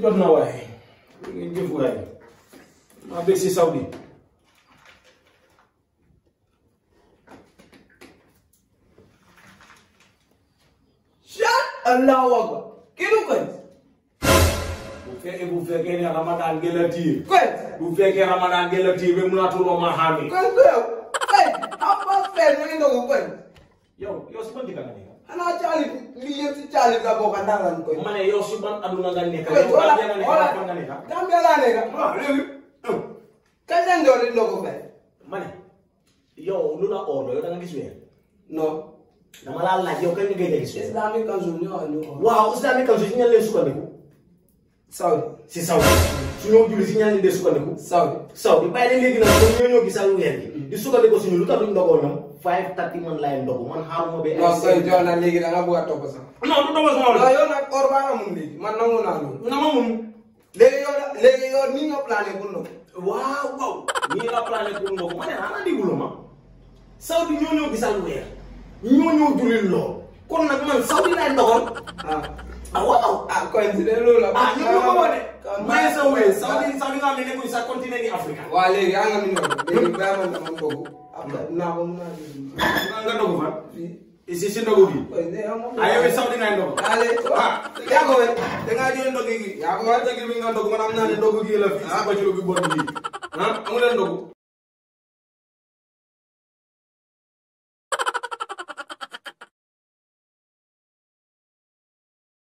lépp jot na waaye li ngeen jëf waaye maa bég si saw bi allahu akbar kenn koy bu fekkee bu fekkee ne ramadan gi la tiir koy bu fekkee ramadan gi la tiir be munatuloo ma xaami koy koy koy am ba feer ñu ngi ndogu koy yow yow sama njëkk nga nekk xanaa caali lii yëpp si caali nga bokk ndànk koy. ma ne yow si ban aduna nga nekk. yow ban benn nga nekk ah ban benn nga nekk ah. léegi. kañ lañ doon di ndog fay. ma ne yow lu la oor yow da nga gis weer. non. dama laa laaj yow kañ nga gëj a gis weer. islamic council ñoo xam ne. waaw islamic council ñu leen sukkandiku. saw si saw su ñoo julli si ñaani dee sukkandiku saw saw bi bàyyi leen léegi nag ñoo ñoo gisal weer bi di sukkandiku suñu lu tax duñ ndogoo ñoom five thirty man laay ndogu man xaaruma be non sooy jox na léegi da nga bëgg a topp sax non du topp sama wala yow nag or baa amul man nangu naa loolu ma mun léegi yow léegi yow nii nga plané pour ndogu waaw waaw nii nga plané pour ndogu ma ne xanaa déglu ma saw bi ñoo ñoo gisal weer ñoo ñoo julli kon nag man saw bi laay ah waaw. ah continué loolu la. ah ñoom ñoo ko wane. mais sa wéy sax sax ne nekkul sax ni Afrique. waaw léegi yaa ngi am ñoom. bàyyi ma ne ma togg. naa ko mun nga dogu fa. si si ndogu bi. ah yow sax dinaa ndogu. ah yaa ko wéy. da ngaa jëlee ndogu gi. yaa ko wéy. gi la fii. ah bi bon bi. ah amu